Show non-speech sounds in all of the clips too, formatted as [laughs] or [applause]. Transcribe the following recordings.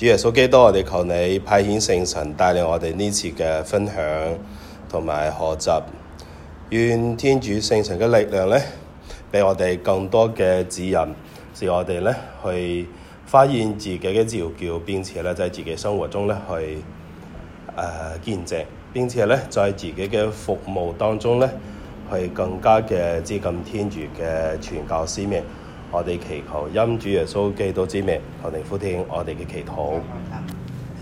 主耶穌基督，我哋求你派遣聖神帶領我哋呢次嘅分享同埋學習，願天主聖神嘅力量咧，俾我哋更多嘅指引，使我哋咧去發現自己嘅召叫，並且咧在自己生活中咧去誒見證，並且咧在自己嘅服務當中咧去更加嘅接近天主嘅傳教使命。我哋祈求，因主耶穌基督之名，求你俯聽，我哋嘅祈禱，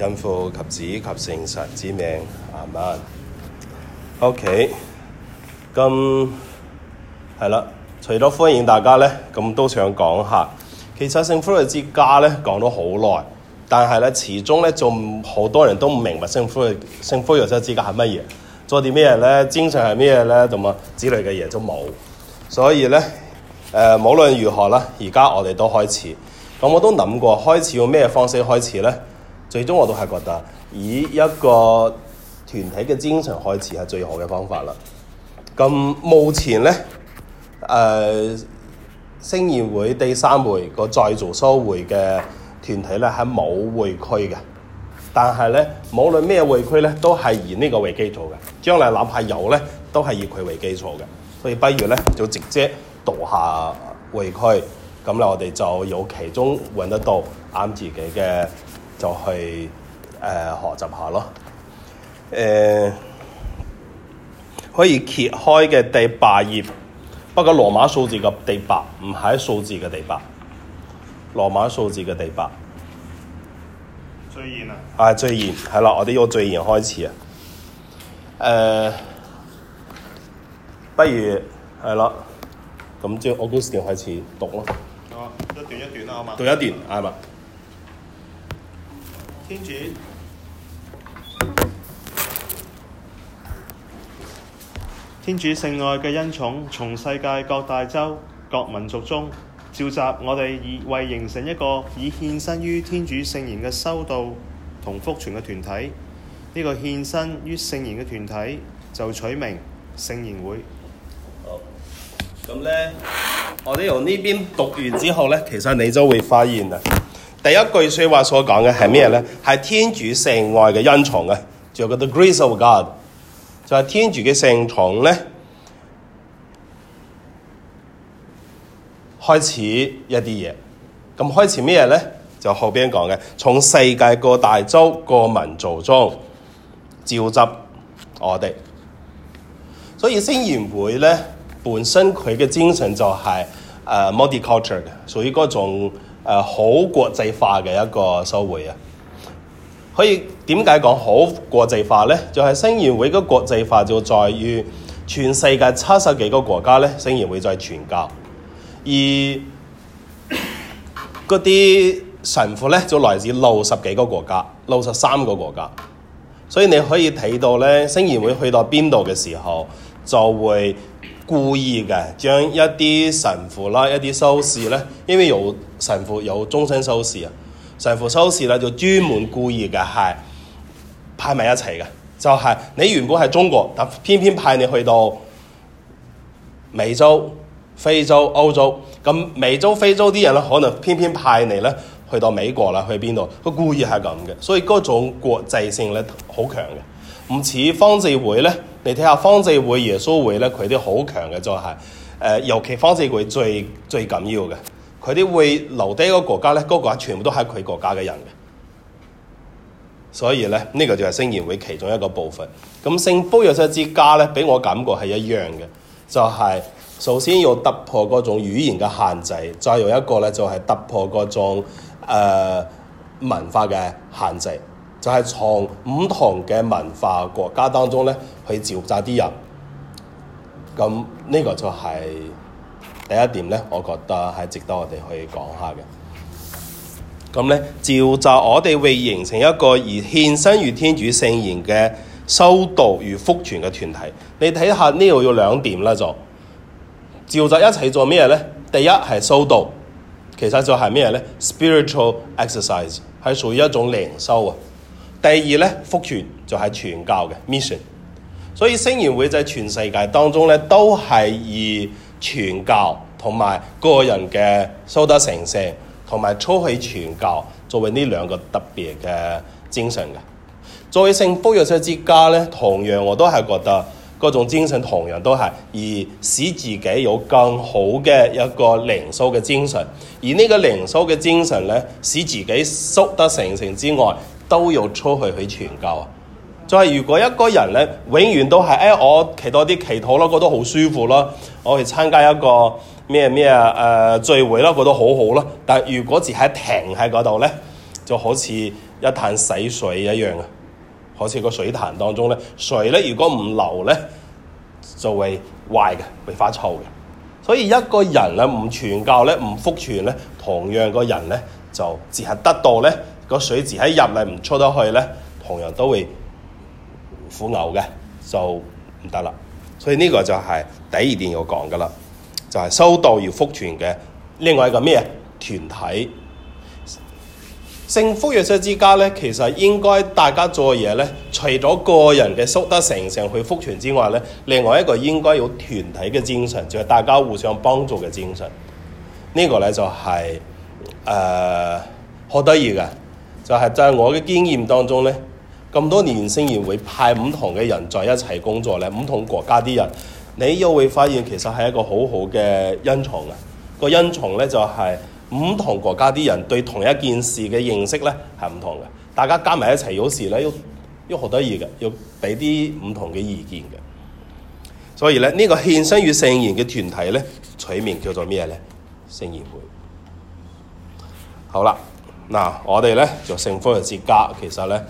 因父及子及聖神，神之名，阿們。O.K. 咁係啦，除咗歡迎大家咧，咁都想講下。其實聖福若瑟之家咧講咗好耐，但係咧始終咧仲好多人都唔明白聖福若瑟、聖福若瑟之家係乜嘢，做啲咩咧，精神係咩咧，同埋之類嘅嘢都冇，所以咧。誒、呃，無論如何啦，而家我哋都開始咁，我都諗過開始用咩方式開始呢？最終我都係覺得以一個團體嘅精神開始係最好嘅方法啦。咁目前呢，誒、呃、星業會第三會個再組修會嘅團體呢，係冇會區嘅，但係呢，無論咩會區呢，都係以呢個為基礎嘅。將來哪怕有呢，都係以佢為基礎嘅。所以不如呢，就直接。讀下會區，咁咧我哋就有其中揾得到啱自己嘅，就去誒、呃、學習下咯。誒、呃、可以揭開嘅第八頁，不過羅馬數字嘅第八唔係數字嘅第八，羅馬數字嘅第八。最嚴啊！啊，最嚴係啦，我哋要最嚴開始啊。誒、呃，不如係咯。咁即係我嗰時就開始讀咯。一段一段啦，好嘛？讀一段係嘛？天主，天主聖愛嘅恩寵，從世界各大洲、各民族中召集我哋，以為形成一個以獻身於天主聖言嘅修道同福傳嘅團體。呢個獻身於聖言嘅團體就取名聖言會。咁咧，我哋由呢邊讀完之後咧，其實你就會發現啊，第一句說話所講嘅係咩咧？係天主聖愛嘅恩寵啊，就叫做 The Grace of God，就係天主嘅聖寵咧，開始一啲嘢。咁開始咩咧？就後邊講嘅，從世界各大洲、各民族中召集我哋，所以聖言會咧。本身佢嘅精神就係、是、誒、uh, multiculture 嘅，屬於嗰種誒好國際化嘅一個修會啊。可以點解講好國際化咧？就係、是、聖言會嘅國際化就在於全世界七十幾個國家咧，聖言會在傳教，而嗰啲神父咧就來自六十幾個國家，六十三個國家，所以你可以睇到咧，聖言會去到邊度嘅時候就會。故意嘅將一啲神父啦，一啲修士咧，因為有神父有終身修士啊，神父修士咧就專門故意嘅係派埋一齊嘅，就係、是、你原本係中國，但偏偏派你去到美洲、非洲、歐洲，咁美洲、非洲啲人咧可能偏偏派你咧去到美國啦，去邊度？佢故意係咁嘅，所以嗰種國際性咧好強嘅。唔似方濟會咧，你睇下方濟會、耶穌會咧，佢啲好強嘅就係、是，誒、呃、尤其方濟會最最緊要嘅，佢啲會留低一個國家咧，嗰、那個全部都係佢國家嘅人嘅。所以咧，呢、這個就係聖言會其中一個部分。咁、嗯、聖僕約瑟之家咧，俾我感覺係一樣嘅，就係、是、首先要突破嗰種語言嘅限制，再有一個咧就係、是、突破嗰種誒、呃、文化嘅限制。就係從唔同嘅文化國家當中咧去召集啲人，咁呢、這個就係第一點咧，我覺得係值得我哋去講下嘅。咁咧召集我哋會形成一個以獻身於天主聖言嘅修道與福傳嘅團體，你睇下呢度有兩點啦，就召集一齊做咩咧？第一係修道，其實就係咩咧？spiritual exercise 係屬於一種靈修啊。第二呢，福傳就係、是、傳教嘅 mission，所以聖言會在全世界當中呢都係以傳教同埋個人嘅修德成聖同埋初期傳教作為呢兩個特別嘅精神嘅。作為聖福若瑟之家呢，同樣我都係覺得各種精神同樣都係而使自己有更好嘅一個靈修嘅精神，而呢個靈修嘅精神呢使自己修德成聖之外。都要出去去傳教啊！就係如果一個人咧，永遠都係誒、哎，我祈多啲祈禱咯，覺得好舒服咯，我去參加一個咩咩啊誒聚會咯，覺得好好咯。但係如果只係停喺嗰度咧，就好似一潭死水一樣啊！好似個水潭當中咧，水咧如果唔流咧，就會壞嘅，會發臭嘅。所以一個人咧唔傳教咧，唔復傳咧，同樣個人咧就只係得到咧。個水字喺入嚟唔出得去咧，同樣都會苦牛嘅就唔得啦。所以呢個就係第二點要講噶啦，就係修道要復傳嘅。另外一個咩啊？團體聖福若瑟之家咧，其實應該大家做嘢咧，除咗個人嘅修得成上去復傳之外咧，另外一個應該有團體嘅精神，就係、是、大家互相幫助嘅精神。這個、呢個咧就係誒好得意嘅。呃就係在我嘅經驗當中咧，咁多年聖言會派唔同嘅人在一齊工作咧，唔同國家啲人，你又會發現其實係一個好好嘅恩寵嘅、啊。個恩寵咧就係、是、唔同國家啲人對同一件事嘅認識咧係唔同嘅。大家加埋一齊有時咧，又又好得意嘅，要畀啲唔同嘅意見嘅。所以咧，這個、獻呢個獻身與聖言嘅團體咧，取名叫做咩咧？聖言會。好啦。嗱，我哋咧就聖福若瑟之家，其實咧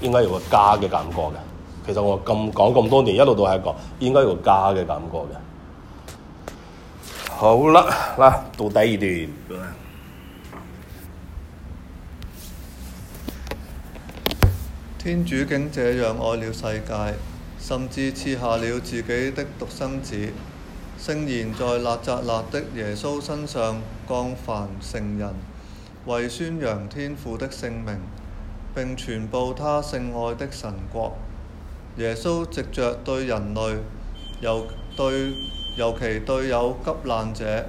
應該有個家嘅感覺嘅。其實我咁講咁多年，一路都係一個應該有個家嘅感覺嘅。好啦，嗱，到第二段。天主竟這樣愛了世界，甚至賜下了自己的獨生子，聖言在納匝肋的耶穌身上降凡成人。為宣揚天父的聖名，並傳布他聖愛的神國，耶穌藉著對人類，尤對尤其對有急難者，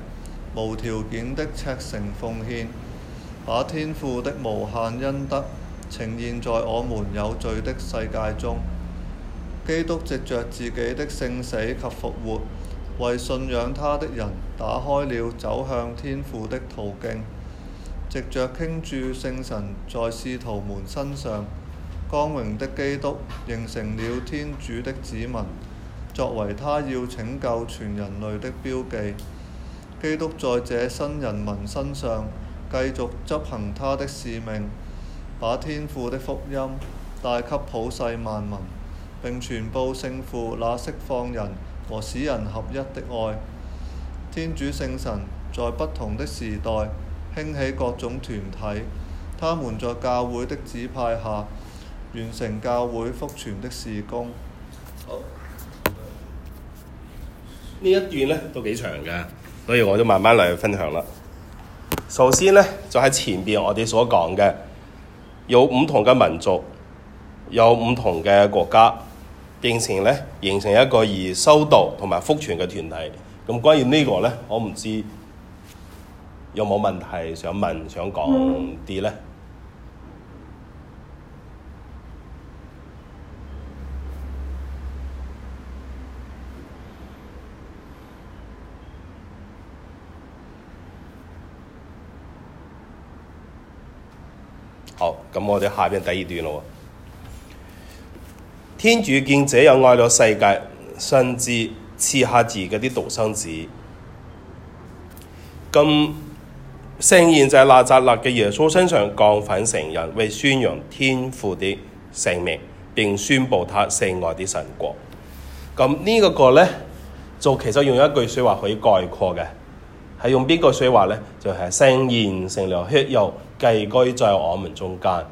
無條件的赤誠奉獻，把天父的無限恩德呈現在我們有罪的世界中。基督藉著自己的聖死及復活，為信仰他的人打開了走向天父的途徑。藉著傾注聖神在使徒們身上，光榮的基督形成了天主的子民，作為他要拯救全人類的標記。基督在這新人民身上繼續執行他的使命，把天父的福音帶給普世萬民，並傳播聖父那釋放人和使人合一的愛。天主聖神在不同的時代，興起各種團體，他們在教會的指派下完成教會復傳的事工。呢好一段呢都幾長嘅，所以我都慢慢嚟分享啦。首先呢，就喺前邊我哋所講嘅，有唔同嘅民族，有唔同嘅國家，形成呢形成一個以修道同埋復傳嘅團體。咁關於呢個呢，我唔知。有冇問題想問、想講啲咧？Mm. 好，咁我哋下邊第二段咯喎。天主見者有愛咗世界，甚至賜下自己啲獨生子，咁。聖言就係拿撒勒嘅耶穌身上降凡成人為宣揚天父啲聖名，並宣布他聖愛啲神國。咁呢個個呢就其實用一句說話可以概括嘅，係用邊句說話呢？就係、是、聖言成了血肉，寄居在我們中間。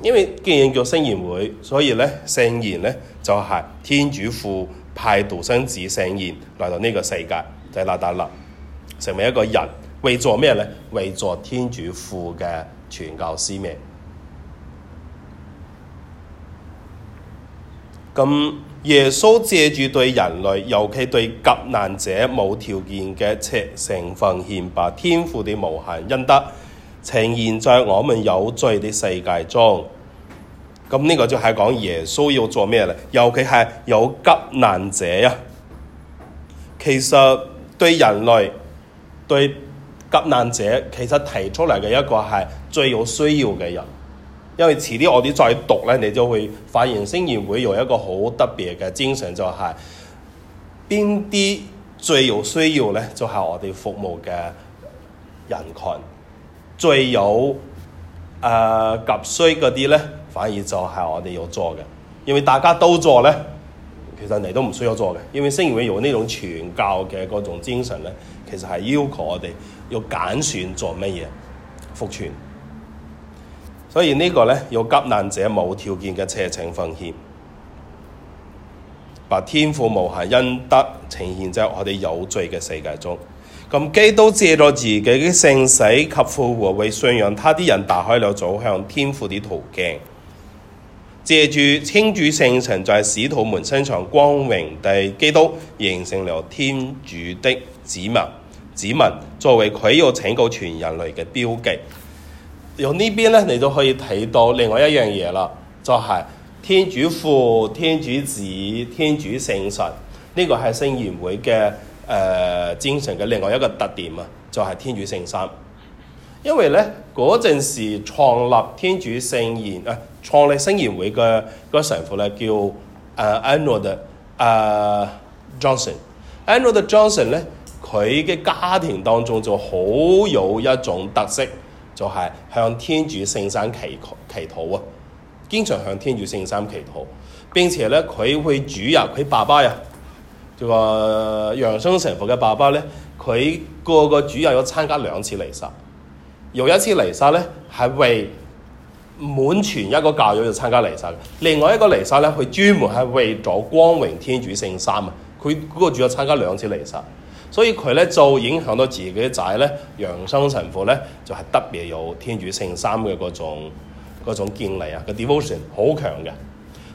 因為既然叫聖言會，所以呢，聖言呢，就係、是、天主父派獨生子聖言來到呢個世界，就係拿撒勒。成為一個人，為做咩咧？為做天主父嘅傳教使命。咁耶穌借住對人類，尤其對急難者，冇條件嘅赤誠奉獻，把天父啲無限恩德呈現在我們有罪嘅世界中。咁呢個就係講耶穌要做咩咧？尤其係有急難者啊！其實對人類。對急難者，其實提出嚟嘅一個係最有需要嘅人，因為遲啲我哋再讀呢，你就會發現聖言會有一個好特別嘅精神，就係邊啲最有需要呢？就係我哋服務嘅人群，最有誒急需嗰啲呢，反而就係我哋要做嘅，因為大家都做呢，其實你都唔需要做嘅，因為聖言會有呢種傳教嘅嗰種精神呢。其實係要求我哋要揀選做乜嘢服全，所以個呢個咧要急難者無條件嘅赤誠奉獻，把天父無限恩德呈現在我哋有罪嘅世界中。咁基督借咗自己嘅聖死及復活，為信仰他啲人打開了走向天父啲途徑。借住天主聖神在使徒們身上光榮地基督，形成咗天主的子民。指紋作為佢要拯救全人類嘅標記，由邊呢邊咧你都可以睇到另外一樣嘢啦，就係、是、天主父、天主子、天主聖神，呢、這個係聖言會嘅誒、呃、精神嘅另外一個特點啊，就係、是、天主聖神。因為咧嗰陣時創立天主聖言啊，創、呃、立聖言會嘅、這個神父咧叫啊 Arnold 啊 Johnson，Arnold Johnson 咧。佢嘅家庭當中就好有一種特色，就係、是、向天主聖山祈禱祈禱啊！經常向天主聖山祈禱。並且咧，佢會主日佢爸爸啊，就話楊生成神父嘅爸爸咧，佢個個主日要參加兩次離沙，有一次離沙咧係為滿全一個教友就參加離沙，另外一個離沙咧，佢專門係為咗光榮天主聖山啊！佢嗰個，個主日參加兩次離沙。所以佢咧就影響到自己仔咧，楊生神父咧就係特別有天主聖三嘅嗰種嗰種建立啊，個 devotion 好強嘅。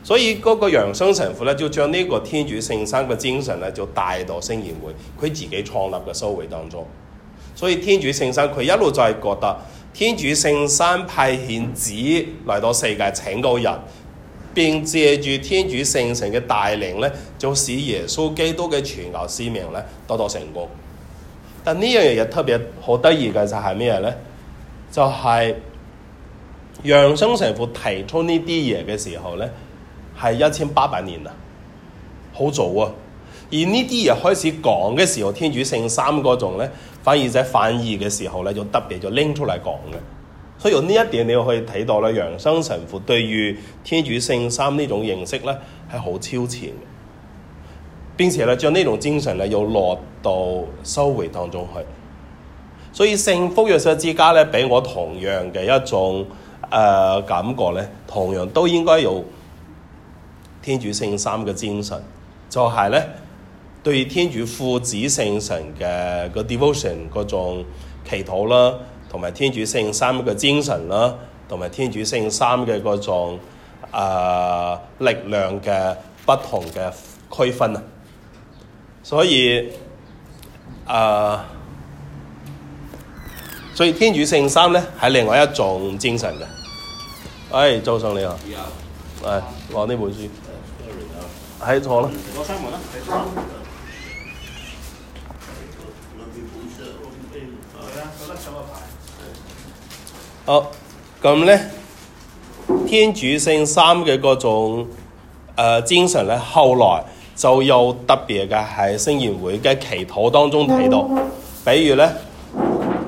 所以嗰個楊生神父咧就將呢個天主聖三嘅精神咧就帶到聖言會，佢自己創立嘅修會當中。所以天主聖三佢一路就係覺得天主聖三派遣子嚟到世界拯救人。便借住天主聖神嘅帶領呢，就使耶穌基督嘅全球使命咧多多成功。但、就是、呢樣嘢又特別好得意嘅就係咩呢？就係楊生神父提出呢啲嘢嘅時候呢係一千八百年啦，好早啊！而呢啲嘢開始講嘅時候，天主聖三嗰種呢，反而就係反義嘅時候呢就特別就拎出嚟講嘅。所以呢一點你可以睇到咧，楊生神父對於天主聖三呢種認識咧係好超前嘅，並且咧將呢種精神咧又落到修會當中去。所以聖福若瑟之家咧俾我同樣嘅一種誒、呃、感覺咧，同樣都應該有天主聖三嘅精神，就係咧對於天主父子聖神嘅個 devotion 嗰種祈禱啦。同埋天主聖三嘅精神啦，同埋天主聖三嘅嗰種誒、啊、力量嘅不同嘅區分啊，所以誒、啊，所以天主聖三呢係另外一種精神嘅。誒、哎，早上你好，誒、啊，講呢本書，喺度、哎嗯哎、坐啦，啊哎好咁咧，天主聖三嘅嗰種誒、呃、精神咧，後來就有特別嘅喺聖言會嘅祈禱當中睇到。比如咧，誒、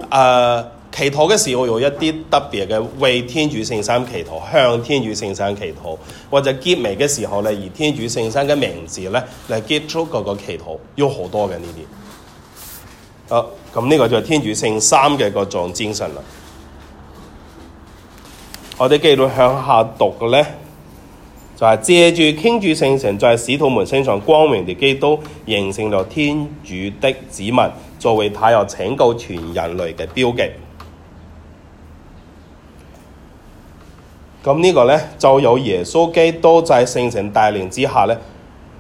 呃、祈禱嘅時候有一啲特別嘅為天主聖三祈禱，向天主聖三祈禱，或者結尾嘅時候咧，以天主聖三嘅名字咧嚟結束嗰個祈禱，有好多嘅呢啲。好，咁、哦、呢個就係天主聖三嘅嗰種精神啦。我哋繼續向下讀嘅咧，就係借住傾住聖神，就係使徒們身上光明嘅基督，形成咗天主的子民，作為太陽拯救全人類嘅標記。咁呢個咧，就有耶穌基督在聖神帶領之下咧，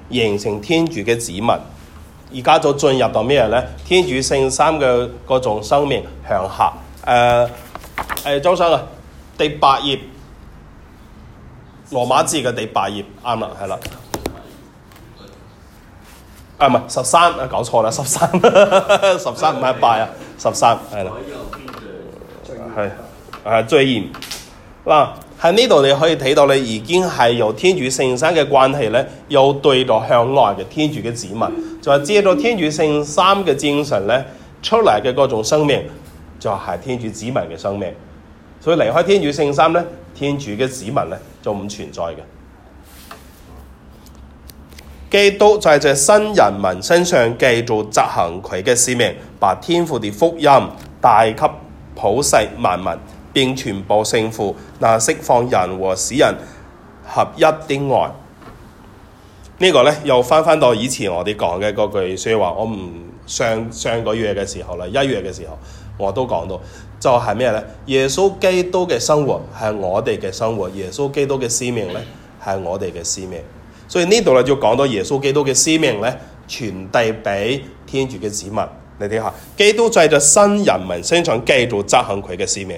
形成天主嘅子民。而家就進入到咩咧？天主聖三嘅各種生命向下。誒、呃、誒，莊、哎、生啊！第八頁，羅馬字嘅第八頁，啱啦，係啦，啊唔係十三，啊搞錯啦，十三， [laughs] 十三唔係、嗯、八啊，十三，係啦，係，啊最嚴，嗱喺呢度你可以睇到咧，已經係由天主聖三嘅關係咧，有對住向外嘅天主嘅子民，嗯、就係借咗天主聖三嘅精神咧，出嚟嘅嗰種生命，就係、是、天主子民嘅生命。所以離開天主聖心呢，天主嘅子民呢，就唔存在嘅。基督就係在新人民身上繼續執行佢嘅使命，把天父嘅福音帶給普世萬民，並傳播聖父那釋放人和使人合一的愛。呢、呢個呢，又翻翻到以前我哋講嘅嗰句説話，所以說我唔上上個月嘅時候啦，一月嘅時候我都講到。就係咩咧？耶穌基督嘅生活係我哋嘅生活，耶穌基督嘅使命咧係我哋嘅使命。所以呢度咧就講到耶穌基督嘅使命咧，傳遞畀天主嘅子民。你睇下，基督製造新人民，身上基督，執行佢嘅使命，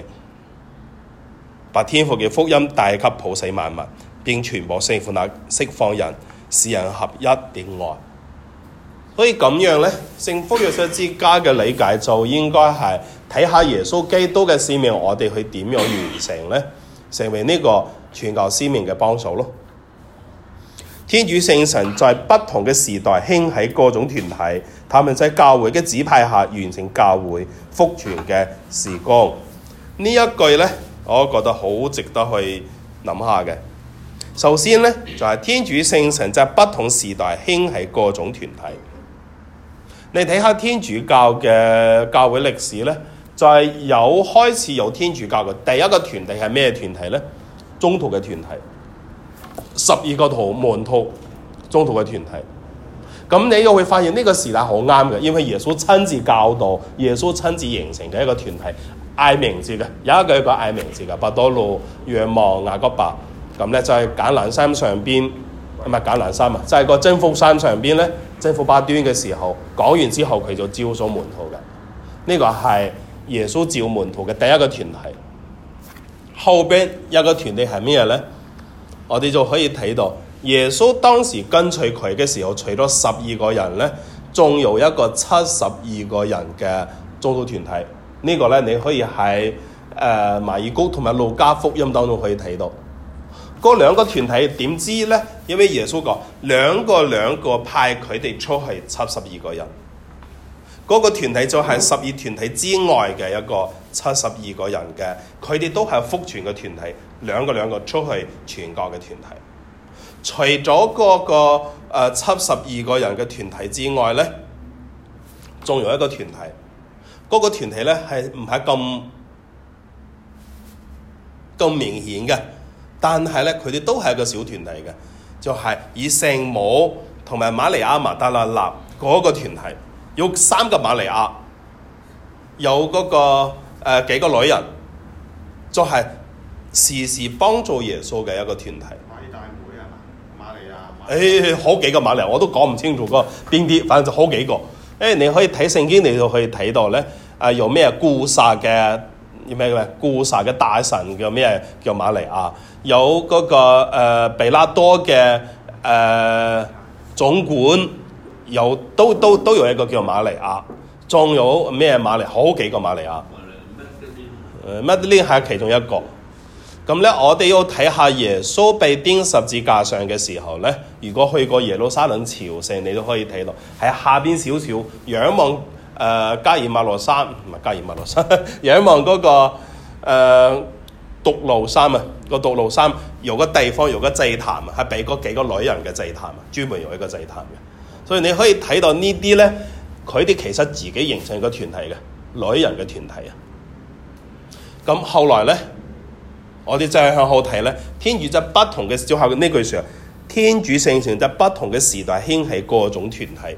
把天父嘅福音帶給普世萬民，並傳播聖父那釋放人、使人合一嘅愛。所以咁樣咧，聖福若瑟之家嘅理解就應該係。睇下耶穌基督嘅使命，我哋去點樣完成呢？成為呢個全球使命嘅幫手咯。天主聖神在不同嘅時代興起各種團體，他們在教會嘅指派下完成教會福傳嘅時光。呢一句呢，我覺得好值得去諗下嘅。首先呢，就係天主聖神在不同時代興起各種團體。你睇下天主教嘅教會歷史呢。就係有開始有天主教嘅第一個團體係咩團體咧？中途嘅團體，十二個徒門徒，中途嘅團體。咁你又會發現呢個時代好啱嘅，因為耶穌親自教導，耶穌親自形成嘅一個團體，嗌名字嘅有一句講嗌名字嘅，伯多祿若望、雅各伯。咁咧就係、是、簡蘭山上邊，唔係簡蘭山啊，就係、是、個真福山上邊咧，真福八端嘅時候講完之後，佢就招咗門徒嘅。呢、這個係。耶穌召門徒嘅第一個團體，後邊一個團體係咩嘢咧？我哋就可以睇到耶穌當時跟隨佢嘅時候，除咗十二個人咧，仲有一個七十二個人嘅宗徒團體。這個、呢個咧，你可以喺誒馬爾谷同埋路加福音當中可以睇到。嗰兩個團體點知咧？因為耶穌講兩個兩個派佢哋出去七十二個人。嗰個團體就係十二團體之外嘅一個七十二個人嘅，佢哋都係福傳嘅團體，兩個兩個出去傳教嘅團體。除咗嗰個誒七十二個人嘅團體之外咧，仲有一個團體，嗰個團體咧係唔係咁咁明顯嘅，但係咧佢哋都係一個小團體嘅，就係以聖母同埋瑪利亞、瑪達拉納嗰個團體。有三個瑪利亞，有嗰、那個誒、呃、幾個女人，就係、是、時時幫助耶穌嘅一個團體。偉、啊哎、好幾個瑪利亞，我都講唔清楚、那個邊啲，反正就好幾個。誒、哎，你可以睇聖經，你就可以睇到咧。啊、呃，有咩古撒嘅叫咩嘅咧？古撒嘅大神叫咩？叫瑪利亞。有嗰、那個、呃、比拉多嘅誒、呃、總管。有都都都有一個叫瑪利亞，仲有咩瑪利？好幾個瑪利亞。誒、嗯，瑪德林係其中一個？咁咧，我哋要睇下耶穌被釘十字架上嘅時候咧。如果去過耶路撒冷朝聖，你都可以睇到喺下邊少少仰望誒、呃、加爾默羅山，唔係加爾默羅山，呵呵仰望嗰、那個誒獨路山啊！個獨路山有個地方有個祭壇啊，係俾嗰幾個女人嘅祭壇啊，專門用一個祭壇嘅。所以你可以睇到呢啲呢，佢啲其實自己形成個團體嘅女人嘅團體啊。咁後來呢，我哋再向後睇呢，天主在不同嘅時候，呢句說，天主聖神在不同嘅時代興起各種團體。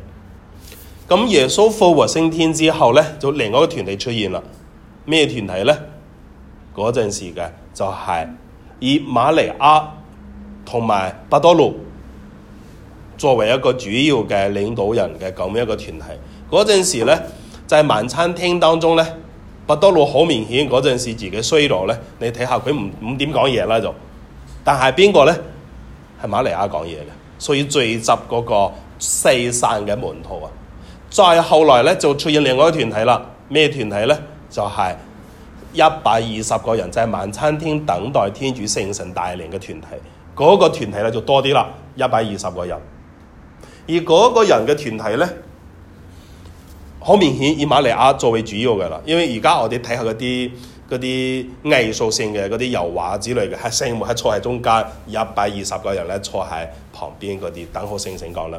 咁耶穌復活升天之後呢，就另外一個團體出現啦。咩團體呢？嗰陣時嘅就係以瑪利亞同埋巴多羅。作為一個主要嘅領導人嘅咁一個團體，嗰陣時呢就係、是、晚餐廳當中呢，伯多祿好明顯嗰陣時自己衰落呢，你睇下佢唔唔點講嘢啦就，但係邊個呢？係瑪利亞講嘢嘅，所以聚集嗰個四散嘅門徒啊。再後來呢，就出現另外一個團體啦，咩團體呢？就係一百二十個人就係、是、晚餐廳等待天主聖神帶領嘅團體。嗰、那個團體呢就多啲啦，一百二十個人。而嗰個人嘅團體咧，好明顯以瑪利亞作為主要嘅啦，因為而家我哋睇下嗰啲嗰啲藝術性嘅嗰啲油畫之類嘅，係聖母喺坐喺中間，一百二十個人咧坐喺旁邊嗰啲等候聖神降臨嘅。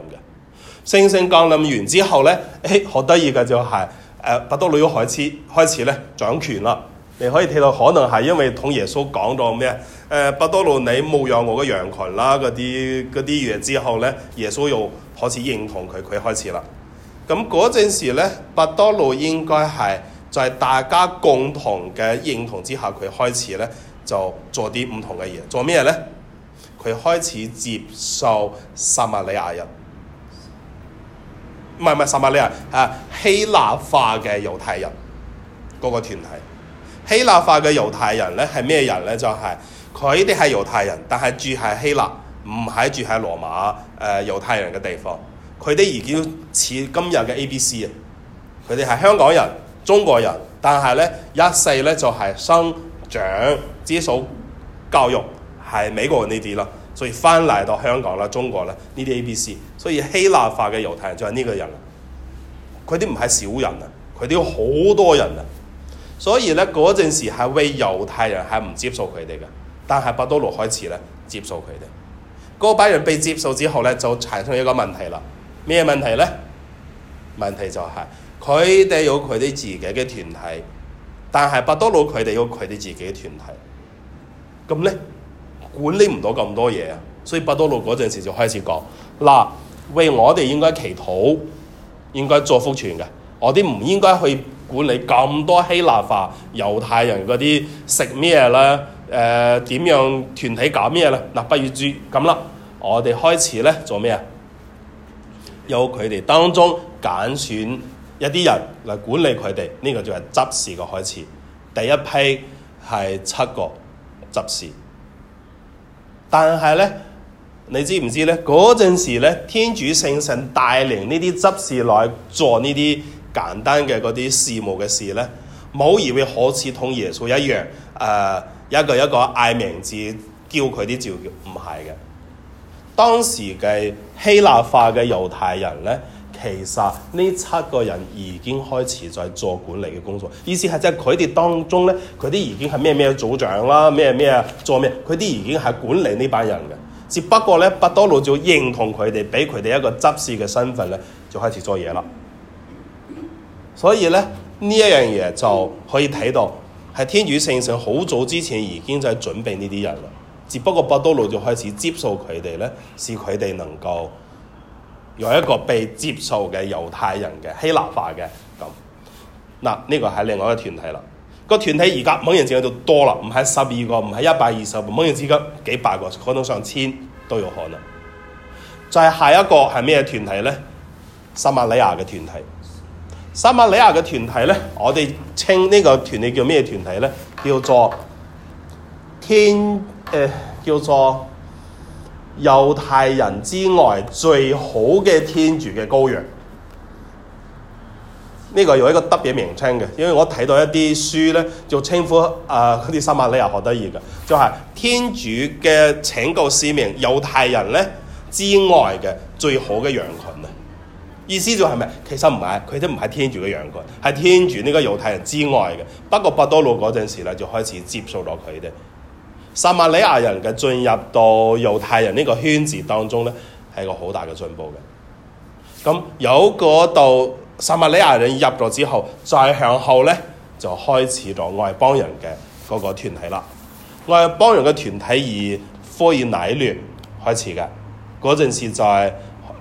聖神降臨完之後咧，誒好得意嘅就係誒伯多祿開始開始咧掌權啦。你可以睇到可能係因為同耶穌講到咩啊？誒伯多祿你牧養我嘅羊群啦，嗰啲嗰啲嘢之後咧，耶穌又。開始認同佢，佢開始啦。咁嗰陣時咧，伯多祿應該係在大家共同嘅認同之下，佢開始咧就做啲唔同嘅嘢。做咩咧？佢開始接受撒瑪利亞人，唔係唔係撒瑪利亞，啊希臘化嘅猶太人嗰、那個團體。希臘化嘅猶太人咧係咩人咧？就係佢哋係猶太人，但係住喺希臘。唔喺住喺羅馬誒、呃、猶太人嘅地方，佢哋已經似今日嘅 A B C 啊！佢哋係香港人、中國人，但係咧一世咧就係生長接受教育係美國呢啲啦，所以翻嚟到香港啦、中國啦呢啲 A B C，所以希臘化嘅猶太人就係呢個人，佢啲唔係少人啊，佢哋好多人啊。所以咧嗰陣時係為猶太人係唔接受佢哋嘅，但係伯多祿開始咧接受佢哋。嗰班人被接受之後咧，就產生一個問題啦。咩問題咧？問題就係佢哋有佢哋自己嘅團體，但係伯多祿佢哋有佢哋自己嘅團體。咁咧管理唔到咁多嘢啊，所以伯多祿嗰陣時就開始講嗱：喂，為我哋應該祈禱，應該作福傳嘅，我哋唔應該去管理咁多希臘化猶太人嗰啲食咩啦。誒點、呃、樣團體搞咩啦？嗱、啊，不如住咁啦。我哋開始咧做咩啊？由佢哋當中揀選一啲人嚟管理佢哋。呢個就係執事嘅開始。第一批係七個執事，但係咧，你知唔知咧？嗰陣時咧，天主聖神帶領呢啲執事來做呢啲簡單嘅嗰啲事務嘅事咧，冇以為好似同耶穌一樣誒。呃一個一個嗌名字叫佢啲照，唔係嘅，當時嘅希臘化嘅猶太人咧，其實呢七個人已經開始在做管理嘅工作。意思係即係佢哋當中咧，佢啲已經係咩咩組長啦，咩咩啊做咩，佢啲已經係管理呢班人嘅。只不過咧，伯多祿就認同佢哋，畀佢哋一個執事嘅身份咧，就開始做嘢啦。所以咧，呢一樣嘢就可以睇到。喺天主聖上好早之前已經就準備呢啲人啦，只不過伯多祿就開始接受佢哋咧，使佢哋能夠有一個被接受嘅猶太人嘅希臘化嘅咁。嗱，呢、這個係另外一個團體啦。這個團體而家某樣嘢叫就多啦，唔係十二個，唔係一百二十個，某樣資金幾百個，可能上千都有可能。再下一個係咩團體咧？撒瑪黎雅嘅團體。撒瑪利亞嘅團體咧，我哋稱呢個團體叫咩團體咧？叫做天誒、呃，叫做猶太人之外最好嘅天主嘅羔羊。呢、這個有一個特別名稱嘅，因為我睇到一啲書咧，就稱呼啊嗰啲撒瑪利亞學徒嘅，就係、是、天主嘅拯救使命，猶太人咧之外嘅最好嘅羊群啊！意思就係咩？其實唔係，佢都唔係天主嘅羊羣，係天主呢個猶太人之外嘅。不過伯多祿嗰陣時咧，就開始接受咗佢哋。撒瑪利亞人嘅進入到猶太人呢個圈子當中咧，係一個好大嘅進步嘅。咁有嗰度撒瑪利亞人入咗之後，再向後咧就開始咗外邦人嘅嗰個團體啦。外邦人嘅團體以科爾乃略開始嘅嗰陣時就係。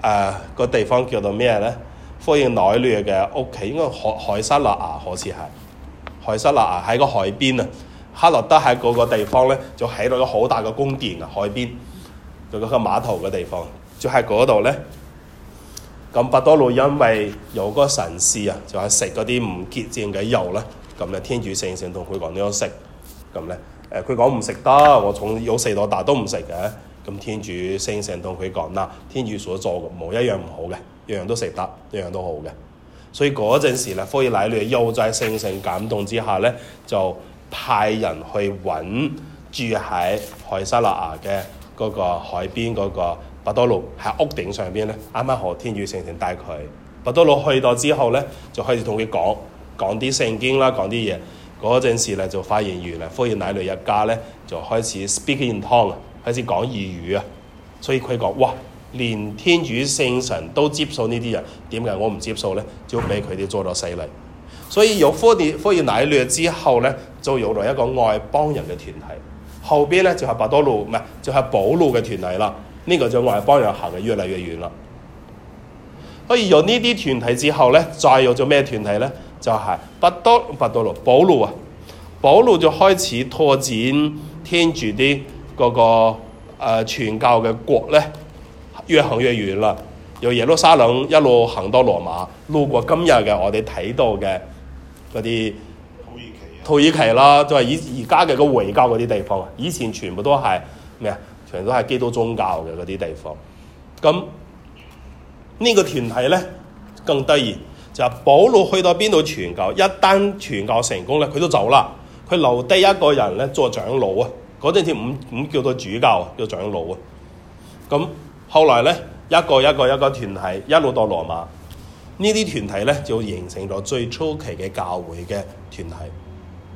誒、啊嗰個地方叫做咩咧？科爾乃略嘅屋企應該海凱撒勒雅啦，啊，好似係凱撒勒雅啦，喺個海邊啊。黑落德喺嗰個地方咧，就起到咗好大嘅宮殿啊，海邊就嗰個碼頭嘅地方，就喺嗰度咧。咁伯多祿，因為有個神視啊，就係食嗰啲唔潔淨嘅油咧。咁咧天主聖聖同佢講呢樣食？咁咧誒，佢講唔食得，我從有細到大都唔食嘅。咁天主聖神同佢講啦，天主所做嘅冇一樣唔好嘅，樣樣都食得，樣樣都好嘅。所以嗰陣時咧，科爾乃雷又在聖神感動之下咧，就派人去揾住喺海沙拿亞嘅嗰個海邊嗰個伯多祿喺屋頂上邊咧，啱啱好天主聖神帶佢伯多祿去到之後咧，就開始同佢講講啲聖經啦，講啲嘢嗰陣時咧，就發現原來科爾乃雷一家咧就開始 speak in tongue 啊！開始講異語啊，所以佢講：哇，連天主聖神都接受呢啲人，點解我唔接受咧？就畀佢哋做咗洗禮。所以有科爾科爾乃略之後呢，就有咗一個外邦人嘅團體。後邊呢，就係、是、伯多祿唔係，就係保祿嘅團體啦。呢、這個就外邦人行得越嚟越遠啦。所以有呢啲團體之後呢，再有咗咩團體呢？就係、是、伯多伯多祿保祿啊！保祿就開始拓展天主啲。個個誒傳教嘅國咧越行越遠啦，由耶路撒冷一路行到羅馬，路過今日嘅我哋睇到嘅啲土耳其土耳其，土耳其啦，就係以而家嘅個回教嗰啲地方啊，以前全部都係咩啊？全都係基督宗教嘅嗰啲地方。咁呢個團體咧更得意，就係保羅去到邊度傳教，一單傳教成功咧，佢都走啦，佢留低一個人咧做長老啊。嗰啲叫五五叫做主教啊，叫長老啊。咁後來咧，一個一個一個團體一路到羅馬，團呢啲團體咧就形成咗最初期嘅教會嘅團體。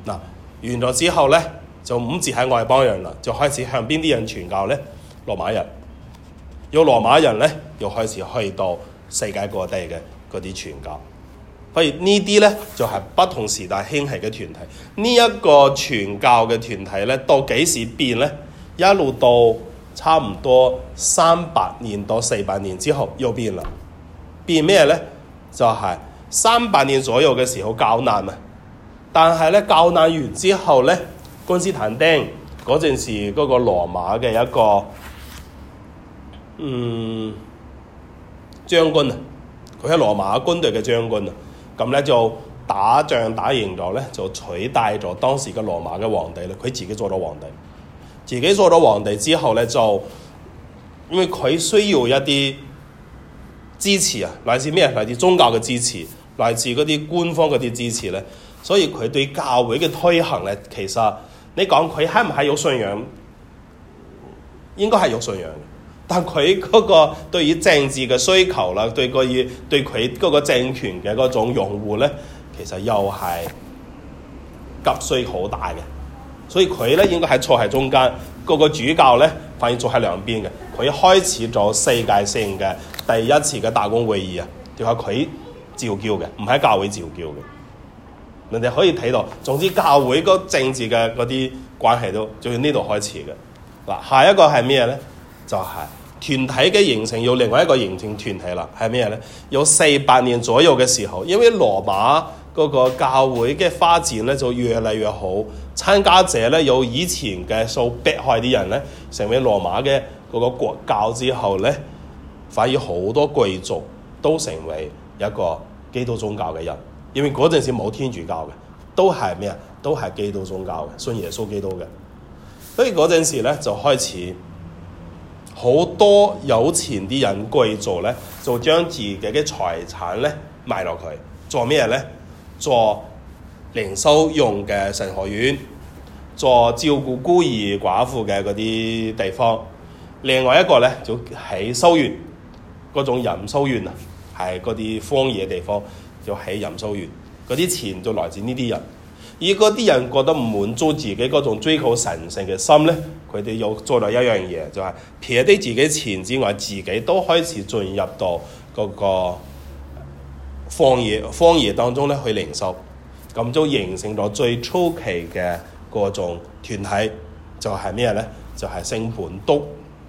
嗱完咗之後咧，就五字喺外邦人啦，就開始向邊啲人傳教咧？羅馬人，有羅馬人咧，又開始去到世界各地嘅嗰啲傳教。所以呢啲咧就係、是、不同時代興起嘅團體。這個、團體呢一個傳教嘅團體咧，到幾時變咧？一路到差唔多三百年到四百年之後又變啦。變咩咧？就係三百年左右嘅時候教難啊！但係咧教難完之後咧，君士坦丁嗰陣時嗰個羅馬嘅一個嗯將軍啊，佢係羅馬軍隊嘅將軍啊。咁咧就打仗打贏咗咧，就取代咗當時嘅羅馬嘅皇帝咧。佢自己做咗皇帝，自己做咗皇帝之後咧，就因為佢需要一啲支持啊，來自咩啊？來自宗教嘅支持，來自嗰啲官方嗰啲支持咧。所以佢對教會嘅推行咧，其實你講佢係唔係有信仰？應該係有信仰。但佢嗰個對於政治嘅需求啦，對個以對佢嗰個政權嘅嗰種擁護咧，其實又係急需好大嘅。所以佢咧應該係坐喺中間，嗰、那個主教咧反而坐喺兩邊嘅。佢開始咗世界性嘅第一次嘅大公會議啊，就係、是、佢召叫嘅，唔係教會召叫嘅。人哋可以睇到，總之教會嗰政治嘅嗰啲關係都就喺呢度開始嘅。嗱，下一個係咩咧？就係、是。團體嘅形成有另外一個形成團體啦，係咩咧？有四百年左右嘅時候，因為羅馬嗰個教會嘅發展咧就越嚟越好，參加者咧有以前嘅受迫害啲人咧，成為羅馬嘅嗰個國教之後咧，反而好多貴族都成為一個基督宗教嘅人，因為嗰陣時冇天主教嘅，都係咩啊？都係基督宗教嘅，信耶穌基督嘅，所以嗰陣時咧就開始。好多有錢啲人貴族咧，就將自己嘅財產咧賣落去。做咩咧？做靈修用嘅神學院，做照顧孤兒寡婦嘅嗰啲地方。另外一個咧就起修院，嗰種隱修院啊，係嗰啲荒野嘅地方就起隱修院，嗰啲錢就來自呢啲人。而嗰啲人覺得唔滿足自己嗰種追求神聖嘅心咧，佢哋又做嚟一樣嘢，就係撇低自己錢之外，自己都開始進入到嗰個荒野荒野當中咧去靈修，咁就形成咗最初期嘅嗰種團體，就係咩咧？就係聖本篤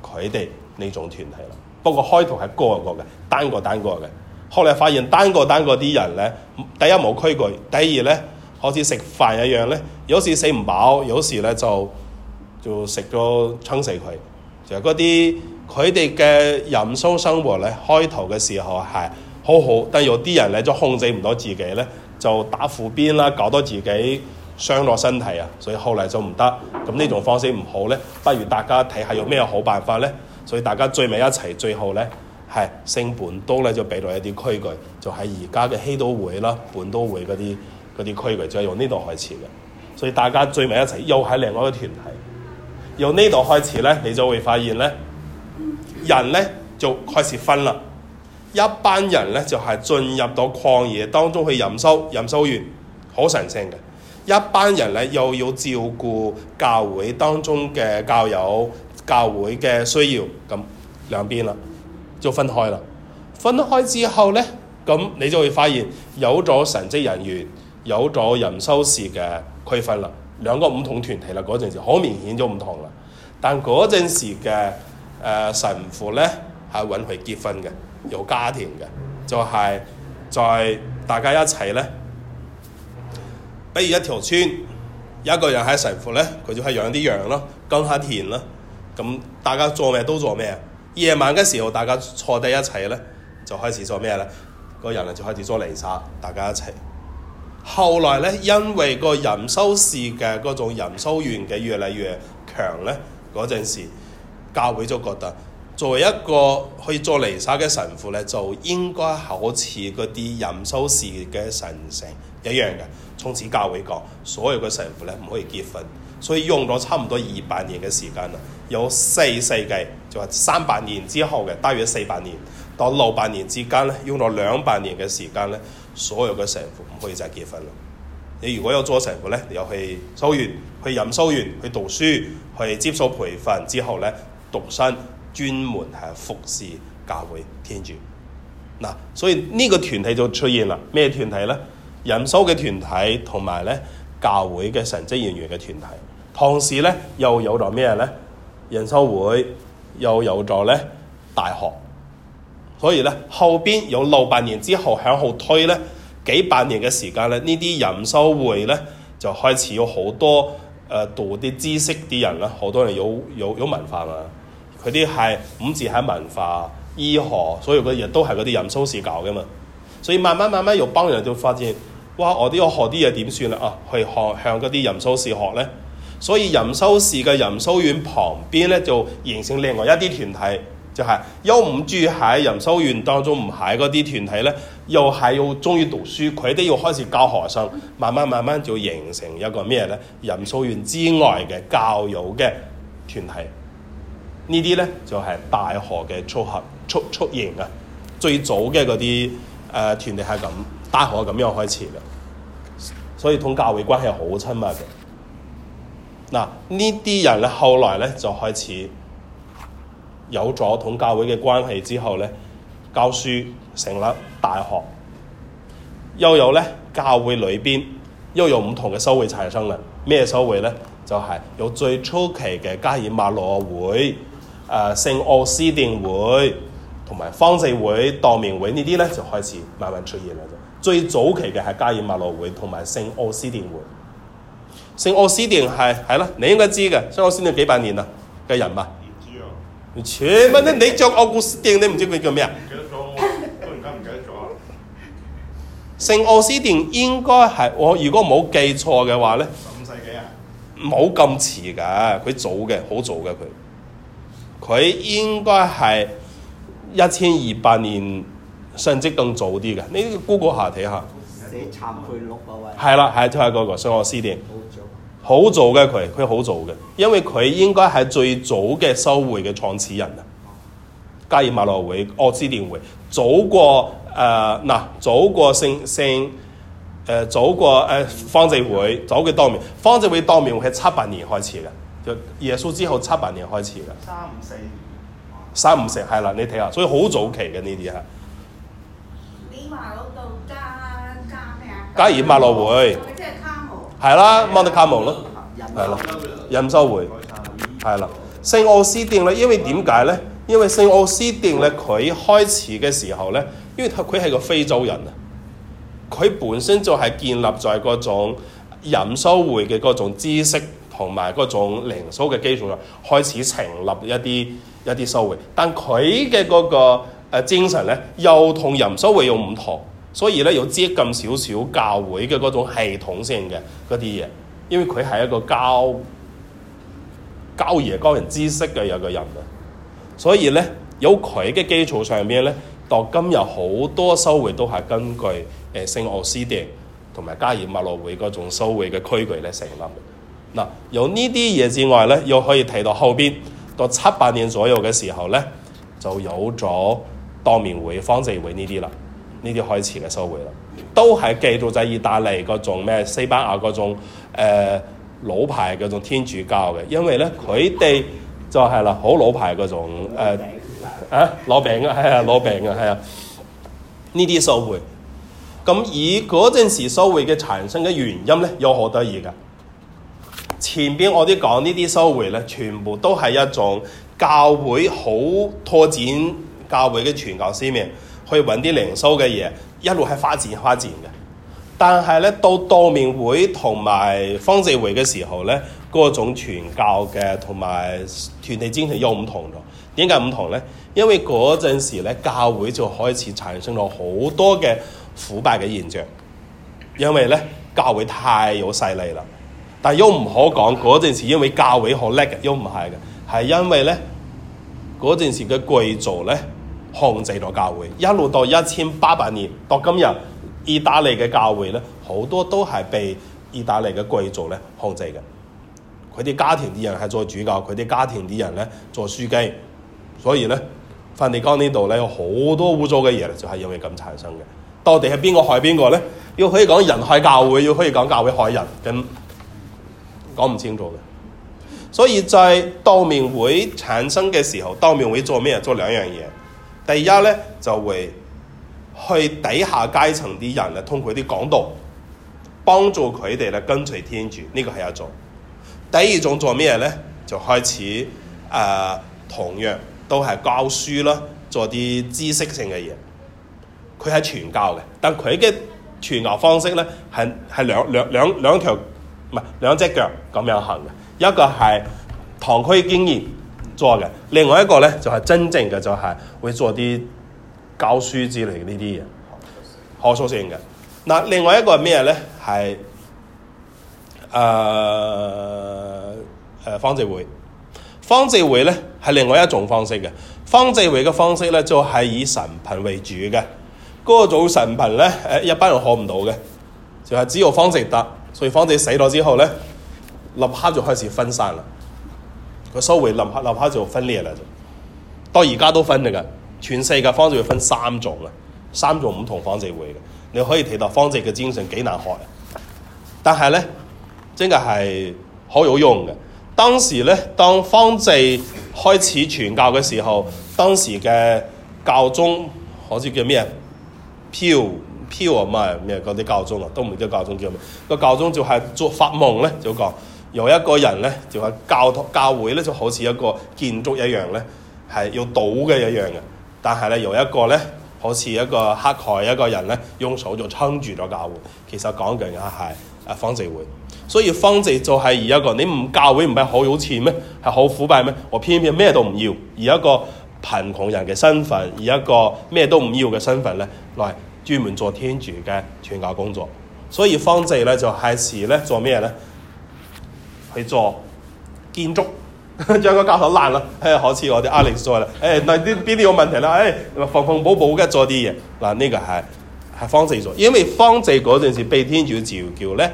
佢哋呢種團體啦。不過開頭係個個嘅單個單個嘅，後嚟發現單個單個啲人咧，第一冇規矩，第二咧。好似食飯一樣咧，有時食唔飽，有時咧就就食到撐死佢。就係嗰啲佢哋嘅隱修生活咧，開頭嘅時候係好好，但有啲人咧就控制唔到自己咧，就打苦鞭啦，搞到自己傷到身體啊。所以後嚟就唔得，咁呢種方式唔好咧，不如大家睇下有咩好辦法咧。所以大家聚埋一齊最後咧，係聖本篤咧就俾到一啲規矩，就喺而家嘅熙篤會啦、本篤會嗰啲。嗰啲區域就係由呢度開始嘅，所以大家聚埋一齊又係另外一個團體。由呢度開始咧，你就會發現咧，人咧就開始分啦。一班人咧就係、是、進入到曠野當中去隱修，隱修完，好神聖嘅。一班人咧又要照顧教會當中嘅教友，教會嘅需要，咁兩邊啦，就分開啦。分開之後咧，咁你就會發現有咗神職人員。有咗人修士嘅區分啦，兩個唔同團體啦，嗰陣時好明顯就唔同啦。但嗰陣時嘅誒、呃、神父咧係允許結婚嘅，有家庭嘅，就係、是、在大家一齊咧，比如一條村一個人喺神父咧，佢就係養啲羊咯，耕下田咯，咁大家做咩都做咩。夜晚嘅時候大家坐低一齊咧，就開始做咩咧？嗰人呢就開始捉泥沙，大家一齊。後來咧，因為個隱修士嘅嗰種隱修願嘅越嚟越強咧，嗰陣時，教會就覺得作為一個去做彌撒嘅神父咧，就應該好似嗰啲隱修士嘅神聖一樣嘅。從此教會講，所有嘅神父咧唔可以結婚，所以用咗差唔多二百年嘅時間啦，有四世紀，就話三百年之後嘅，大約四百年，到六百年之間咧，用咗兩百年嘅時間咧。所有嘅成副唔可以就係結婚啦。你如果有咗成副咧，你又去修院、去隱修院、去讀書，去接受培訓之後咧，獨身專門係服侍教會天主。嗱，所以呢個團體就出現啦。咩團體咧？隱修嘅團體同埋咧教會嘅神職人員嘅團體，同時咧又有咗咩咧？隱修會又有咗咧大學。所以咧，後邊有六百年之後，向後推咧幾百年嘅時間咧，淫呢啲隱修會咧就開始有好多誒、呃、讀啲知識啲人啦，好多人有有有文化嘛，佢啲係五字喺文化、醫學，所以佢亦都係嗰啲隱修士搞嘅嘛。所以慢慢慢慢又幫人就發現，哇！我啲我學啲嘢點算啦？啊，去學向嗰啲隱修士學咧。所以隱修士嘅隱修院旁邊咧就形成另外一啲團體。就係、是、又唔住喺隱修院當中，唔喺嗰啲團體咧，又係要鍾意讀書，佢哋要開始教學生，慢慢慢慢就形成一個咩咧？隱修院之外嘅教育嘅團體，呢啲咧就係、是、大學嘅促合促出現嘅，最早嘅嗰啲誒團體係咁大學咁樣開始嘅，所以同教會關係好親密嘅。嗱，呢啲人咧，後來咧就開始。有咗同教會嘅關係之後咧，教書成立大學，又有咧教會裏邊又有唔同嘅修會產生啦。咩修會咧？就係、是、有最初期嘅加爾默羅會、誒聖奧斯定會同埋方濟會、道明會，當會呢啲咧，就開始慢慢出現啦。最早期嘅係加爾默羅會同埋聖奧斯定會。聖奧斯定係係啦，你應該知嘅，所以奧斯定幾百年啦嘅人物。你做聖奧斯定，你唔知佢叫咩啊？唔記得咗，突然間唔記得咗。聖奧斯定應該係我，如果冇記錯嘅話咧。十五世紀啊？冇咁遲嘅，佢早嘅，好早嘅佢。佢應該係一千二百年，甚至更早啲嘅。你 Google 下睇下。寫懺悔錄啊喂！係啦，係就係嗰個聖奧斯定。好早嘅佢，佢好早嘅，因為佢應該係最早嘅修會嘅創始人啊。加爾馬諾會、奧斯定會，早過誒嗱、呃，早過聖聖誒，早過誒、呃、方濟會，早佢多年。方濟會當年係七八年開始嘅，就耶穌之後七八年開始嘅。三五四年。三五四，係啦，你睇下，所以好早期嘅呢啲啊。你話老豆加加咩啊？加爾馬諾會。係啦，m o 蒙 o 卡姆咯，係啦，隱修會，係啦，聖奧斯定咧，因為點解咧？因為聖奧斯定咧，佢開始嘅時候咧，因為佢係個非洲人啊，佢本身就係建立在嗰種隱修會嘅嗰種知識同埋嗰種靈修嘅基礎上，開始成立一啲一啲修會。但佢嘅嗰個誒精神咧，又同隱修會又唔同。所以咧有接近少少教會嘅嗰種系統性嘅嗰啲嘢，因為佢係一個教教嘢教人知識嘅一個人啊。所以咧有佢嘅基礎上面咧，到今日好多修會都係根據誒聖奧斯定同埋加爾默羅會嗰種修會嘅規矩嚟成立。嗱、呃，有呢啲嘢之外咧，又可以睇到後邊到七八年左右嘅時候咧，就有咗當面會、方濟會呢啲啦。呢啲開始嘅收回啦，都係記住在意大利嗰種咩、西班牙嗰種誒、呃、老牌嗰種天主教嘅，因為咧，佢哋就係啦，好老牌嗰種誒啊老餅啊，係啊老餅啊，係啊呢啲收回。咁而嗰陣時收回嘅產生嘅原因咧，有好多嘢噶。前邊我啲講呢啲收回咧，全部都係一種教會好拓展教會嘅全球使命。去揾啲零收嘅嘢，一路係發展發展嘅。但係咧，到道明會同埋方濟會嘅時候咧，嗰種傳教嘅同埋團體精神又唔同咗。點解唔同咧？因為嗰陣時咧，教會就開始產生咗好多嘅腐敗嘅現象。因為咧，教會太有勢力啦。但係又唔可講嗰陣時，因為教會好叻嘅，又唔係嘅，係因為咧嗰陣時嘅貴族咧。控制到教會一路到一千八百年到今日，意大利嘅教會咧，好多都係被意大利嘅貴族咧控制嘅。佢哋家庭啲人係做主教，佢哋家庭啲人咧做書記，所以咧，梵蒂岡呢度咧有好多污糟嘅嘢，就係因為咁產生嘅。到底係邊個害邊個咧？要可以講人害教會，要可以講教會害人，咁講唔清楚嘅。所以在道明會產生嘅時候，道明會做咩？做兩樣嘢。第一呢，就會去底下階層啲人咧，通過啲講道幫助佢哋咧跟隨天主，呢個係一種。第二種做咩咧？就開始誒、呃，同樣都係教書啦，做啲知識性嘅嘢。佢係傳教嘅，但佢嘅傳教方式咧，係係兩兩兩兩條唔係兩隻腳咁樣行嘅。一個係堂區經驗。另外一個呢，就係、是、真正嘅就係、是、會做啲教書之類呢啲嘢，可塑像性嘅。嗱，另外一個咩呢係誒誒方志偉，方志偉呢，係、呃呃、另外一種方式嘅。方志偉嘅方式呢，就係、是、以神品為主嘅，嗰、那、種、個、神品呢，一般人看唔到嘅，就係、是、只有方志德。所以方志死咗之後呢，立刻就開始分散啦。佢收回林下，林下就分呢嘢啦，到而家都分嚟噶。全世界方濟分三種啊，三種唔同的方濟會嘅，你可以睇到方濟嘅精神幾難學啊。但係呢，真係係好有用嘅。當時呢，當方濟開始傳教嘅時候，當時嘅教宗好似叫咩啊？飄飄啊，唔係咩嗰啲教宗啊，都唔知教宗叫咩。個教宗就係做法夢咧，就講。有一個人咧，就話教教會咧就好似一個建築一樣咧，係要倒嘅一樣嘅。但係咧有一個咧，好似一個乞丐一個人咧，用手就撐住咗教會。其實講緊嘅係誒方濟會。所以方濟就係以一個你唔教會唔係好有錢咩？係好腐敗咩？我偏偏咩都唔要，以一個貧窮人嘅身份，以一個咩都唔要嘅身份咧，來專門做天主嘅傳教工作。所以方濟咧就係時咧做咩咧？去做建築，將 [laughs] 個教堂爛啦！唉、哎，好似我哋 Alex 做啦，誒嗱啲邊啲有問題啦？誒、哎，縫縫補補嘅做啲嘢，嗱、啊、呢、這個係係方濟做，因為方濟嗰陣時被天主召叫咧，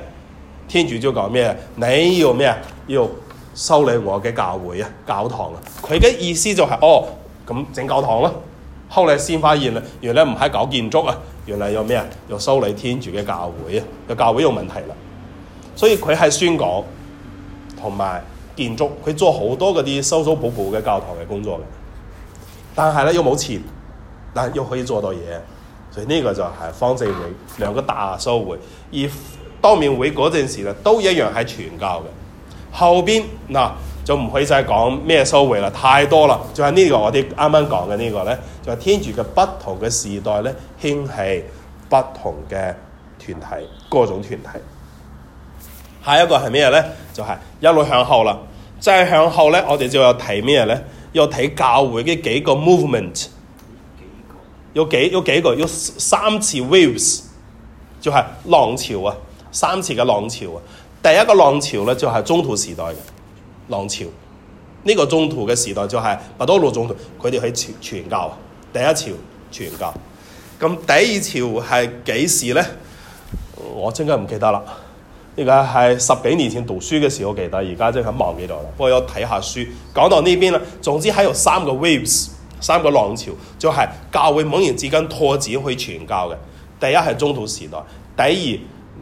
天主就講咩啊？你要咩啊？要修理我嘅教會啊，教堂啊，佢嘅意思就係、是、哦，咁整教堂咯，後嚟先發現啦，原來唔係搞建築啊，原來有咩啊？要修理天主嘅教會啊，個教會有問題啦，所以佢係宣講。同埋建築，佢做好多嗰啲修修補補嘅教堂嘅工作嘅，但係咧又冇錢，但係又可以做到嘢，所以呢個就係方濟會兩個大修會，而道明會嗰陣時咧都一樣係傳教嘅，後邊嗱就唔可以再講咩修會啦，太多啦，就係、是這個、呢個我哋啱啱講嘅呢個咧，就係、是、天主嘅不同嘅時代咧興起不同嘅團體，各種團體。下一個係咩咧？就係、是、一路向後啦。再、就是、向後咧，我哋就又睇咩咧？又睇教會嘅幾個 movement 有幾。有幾有幾個？有三次 waves，就係浪潮啊！三次嘅浪潮啊！第一個浪潮咧就係宗徒時代嘅浪潮。呢、這個宗徒嘅時代就係伯多祿宗徒，佢哋喺傳教啊。第一潮傳教。咁第二潮係幾時咧？我真係唔記得啦。而家係十幾年前讀書嘅時候，我記得。而家真係咁忘記咗啦。不過有睇下書，講到呢邊啦。總之喺度三個 waves，三個浪潮，就係、是、教會猛然之間拓展去傳教嘅。第一係中土時代，第二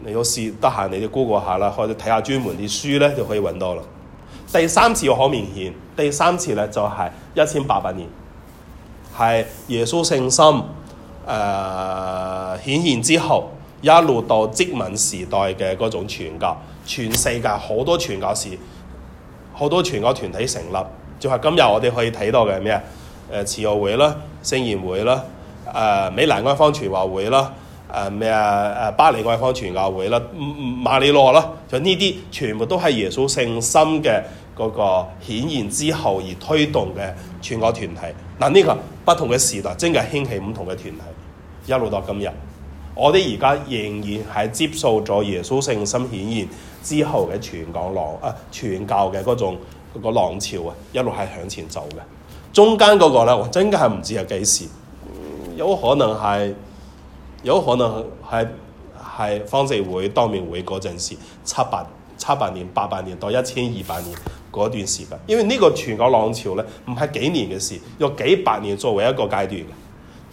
你有時得閒你就 Google 下啦，或者睇下專門啲書咧，就可以揾到啦。第三次好明顯，第三次咧就係一千八百年，係耶穌聖心誒顯現之後。一路到殖民時代嘅嗰種傳教，全世界好多傳教士，好多傳教團體成立，就係、是、今日我哋可以睇到嘅咩啊？誒、呃，慈幼會啦，聖言會啦，誒、呃，米蘭外方傳教會啦，誒咩啊？誒，巴黎外方傳教會啦，瑪利諾啦，就呢啲全部都係耶穌聖心嘅嗰個顯現之後而推動嘅傳教團體。嗱、呃，呢、這個不同嘅時代，真係興起唔同嘅團體，一路到今日。我哋而家仍然係接受咗耶穌聖心顯現之後嘅全港浪啊，全教嘅嗰種、嗰個、浪潮啊，一路係向前走嘅。中間嗰個咧，我真嘅係唔知係幾時，有可能係有可能係係方濟會當面會嗰陣時，七百七百年、八百年到一千二百年嗰段時間，因為呢個全港浪潮咧唔係幾年嘅事，要幾百年作為一個階段嘅。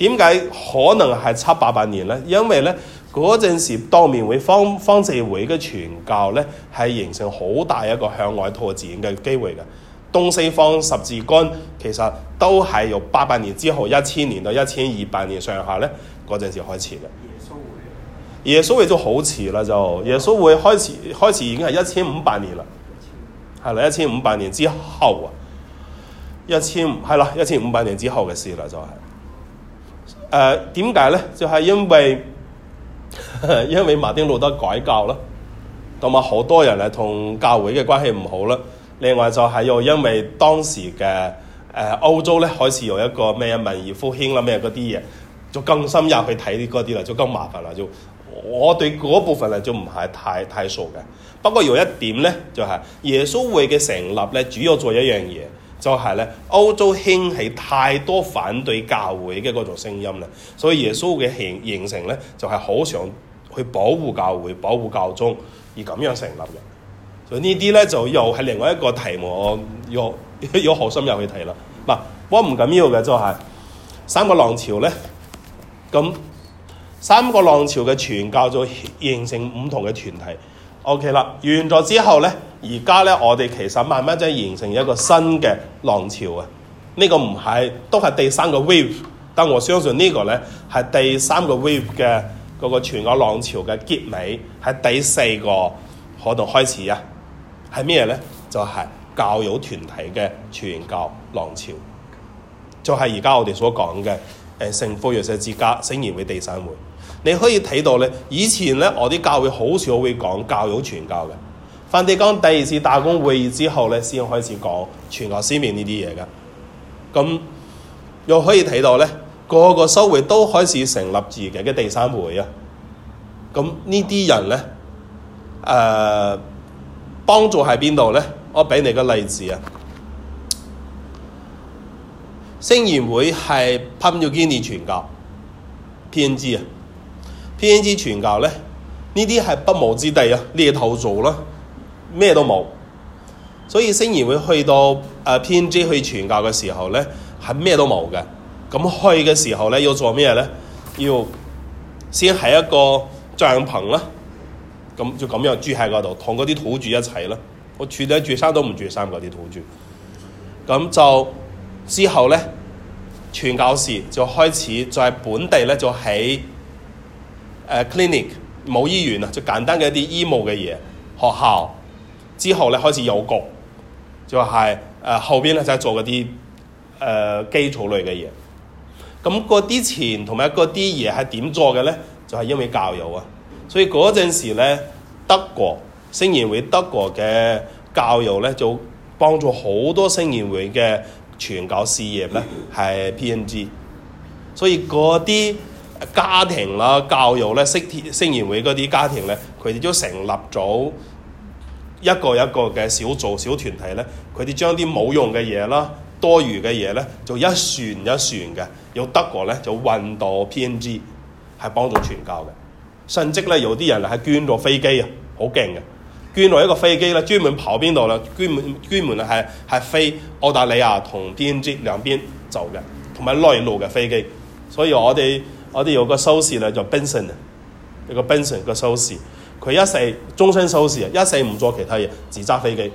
點解可能係七八百年呢？因為呢，嗰陣時當面會方方濟會嘅傳教呢，係形成好大一個向外拓展嘅機會嘅。東西方十字軍其實都係由八百年之後一千年到一千二百年上下呢，嗰陣時開始嘅。耶穌會耶穌會就好遲啦，就耶穌會開始開始已經係一千五百年啦，係啦一千五百年之後啊，一千五係啦一千五百年之後嘅事啦，就係。誒點解咧？就係、是、因為呵呵因為馬丁路德改教啦，同埋好多人咧同教會嘅關係唔好啦。另外就係又因為當時嘅誒、呃、歐洲咧開始有一個咩文藝復興啦，咩嗰啲嘢就更深入去睇啲嗰啲啦，就更麻煩啦。就我對嗰部分咧就唔係太太熟嘅。不過有一點咧，就係、是、耶穌會嘅成立咧，主要做一樣嘢。就係咧，歐洲興起太多反對教會嘅嗰種聲音啦，所以耶穌嘅形形成咧，就係、是、好想去保護教會、保護教宗而咁樣成立嘅。所以呢啲咧就又係另外一個題目，有有好深入去睇啦。嗱、啊，我唔緊要嘅，就係、是、三個浪潮咧，咁三個浪潮嘅傳教就形成唔同嘅團體。O.K. 啦，完咗之後咧，而家咧我哋其實慢慢就形成一個新嘅浪潮啊！呢、這個唔係，都係第三個 wave，但我相信個呢個咧係第三個 wave 嘅嗰、這個全球浪潮嘅結尾，喺第四個嗰度開始啊！係咩咧？就係、是、教友團體嘅全球浪潮，就係而家我哋所講嘅誒聖福、若、呃、瑟之家、聖言會第三會。你可以睇到咧，以前咧我啲教會好少會講教育傳教嘅，梵蒂岡第二次大公會議之後咧，先開始講全國思勉呢啲嘢嘅。咁又可以睇到咧，個個修會都開始成立自己嘅第三會啊。咁呢啲人咧，誒、呃、幫助喺邊度咧？我畀你個例子啊，聖言會係噴咗幾年傳教，P N G 啊。PNG 傳教呢，呢啲係不毛之地啊，獵頭族啦，咩都冇，所以聖言會去到誒 PNG 去傳教嘅時候呢，係咩都冇嘅。咁去嘅時候呢，要做咩呢？要先喺一個帳篷啦，咁就咁樣住喺嗰度，同嗰啲土著一齊啦。我住得住山都唔住山嗰啲土著。咁就之後呢，傳教士就開始在本地呢，就喺。誒、uh, clinic 冇醫院啊，就簡單嘅一啲醫務嘅嘢，學校之後咧開始有局，就係、是、誒、呃、後邊咧就係做嗰啲誒基礎類嘅嘢。咁嗰啲錢同埋嗰啲嘢係點做嘅咧？就係、是呃就是、因為教育啊，所以嗰陣時咧德國聖言會德國嘅教育咧就幫助好多聖言會嘅傳教事業咧係 PNG，所以嗰啲。家庭啦，教育咧，聖言會嗰啲家庭咧，佢哋都成立咗一個一個嘅小組、小團體咧。佢哋將啲冇用嘅嘢啦、多餘嘅嘢咧，就一船一船嘅由德國咧就運到 PNG 係幫助傳教嘅。甚至咧有啲人係捐咗飛機啊，好勁嘅捐落一個飛機啦，專門跑邊度啦？專門專門係係飛澳大利亞同 PNG 兩邊走嘅，同埋內陸嘅飛機。所以我哋。我哋有個修士咧叫 Benson 啊，一個 Benson 個修士，佢一世終身修士啊，一世唔做其他嘢，只揸飛機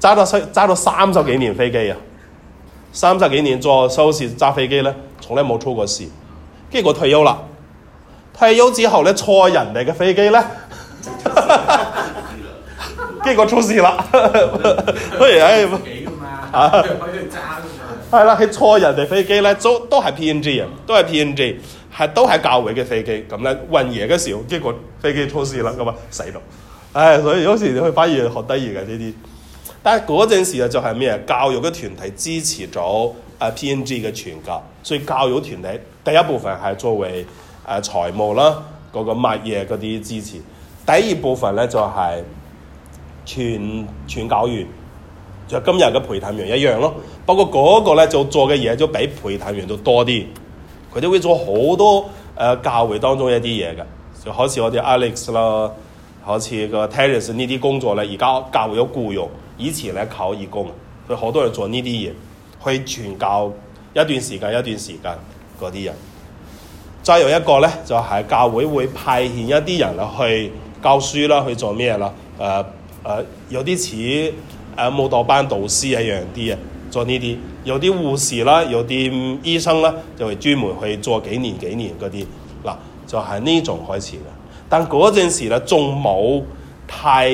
揸咗三揸咗三十幾年飛機啊，三十幾年做修士揸飛機咧，從來冇出過事，結果退休啦，退休之後咧坐人哋嘅飛機咧， [laughs] 結果出事啦，哎！係啦，佢坐人哋飛機咧，都 NG，都係 PNG 啊，都係 PNG，係都係教會嘅飛機。咁咧運嘢嘅時候，結果飛機出事啦，係嘛死咗。唉，所以有時你會發現好得意嘅呢啲。但係嗰陣時就係咩啊？教育嘅團體支持咗啊 PNG 嘅傳教，所以教育團體第一部分係作為誒、呃、財務啦，嗰、嗰個物嘢嗰啲支持。第二部分咧就係傳傳教員，就係、今日嘅培訓員一樣咯。嗰個嗰個呢，就做嘅嘢就比陪探員都多啲，佢哋會做好多誒、呃、教會當中一啲嘢嘅，就好似我哋 Alex 啦，好似個 Terry 呢啲工作咧，而家教會有僱用，以前咧靠義工，所以好多人做呢啲嘢去傳教一段時間一段時間嗰啲人。再有一個咧就係、是、教會會派遣一啲人去教書啦，去做咩啦？誒、呃、誒、呃，有啲似誒舞蹈班導師一樣啲嘅。做呢啲，有啲護士啦，有啲醫生啦，就會專門去做幾年幾年嗰啲，嗱就係、是、呢種開始嘅。但嗰陣時咧，仲冇太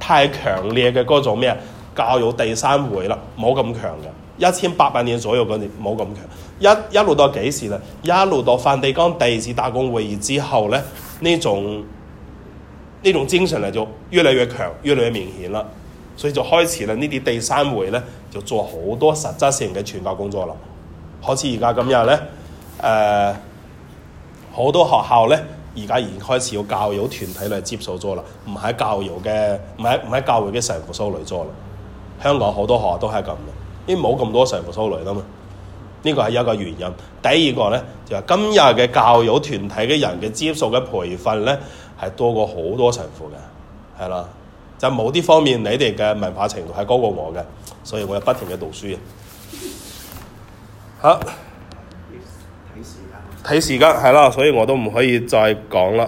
太強烈嘅嗰種咩教育第三會啦，冇咁強嘅，一千八百年左右嗰年冇咁強。一一路到幾時咧？一路到梵蒂岡第二次大公會議之後咧，呢種呢種精神咧就越嚟越強，越嚟越明顯啦。所以就開始啦，呢啲第三回呢，就做好多實質性嘅傳教工作啦。好似而家今日呢，誒、呃、好多學校呢，而家已經開始要教育團體嚟接受咗啦，唔係教育嘅，唔係唔係教育嘅神父修女咗啦。香港好多學校都係咁嘅，因為冇咁多神父修女啦嘛。呢個係一個原因。第二個呢，就係、是、今日嘅教育團體嘅人嘅接受嘅培訓呢，係多過好多神父嘅，係啦。就冇啲方面，你哋嘅文化程度係高過我嘅，所以我要不停嘅讀書嘅。好、啊、睇時間，睇時間係啦，所以我都唔可以再講啦。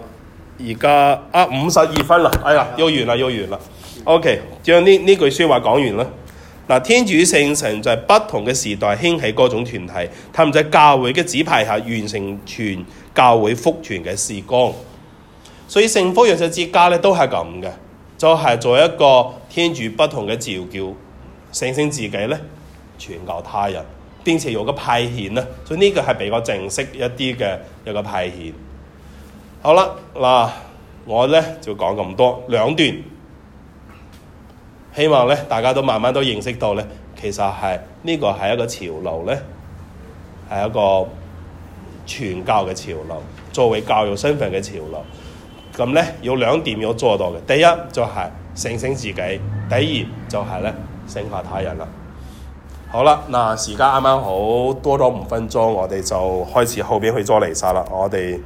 而家啊，五十二分啦，哎呀，又的完啦，又完啦。O、okay, K，將呢呢句説話講完啦。嗱，天主聖神在不同嘅時代興起各種團體，他們在教會嘅指派下完成全教會福傳嘅時光，所以聖福若瑟之家咧都係咁嘅。就係做一個天主不同嘅召叫，醒醒自己咧，傳教他人，並且有個派遣啦。所以呢個係比較正式一啲嘅一個派遣。好啦，嗱，我咧就講咁多兩段，希望咧大家都慢慢都認識到咧，其實係呢個係一個潮流咧，係一個傳教嘅潮流，作為教育身份嘅潮流。咁咧有兩點要做到嘅，第一就係醒醒自己，第二就係咧醒發他人啦。好啦，嗱，時間啱啱好多咗五分鐘，我哋就開始後邊去做彌撒啦，我哋。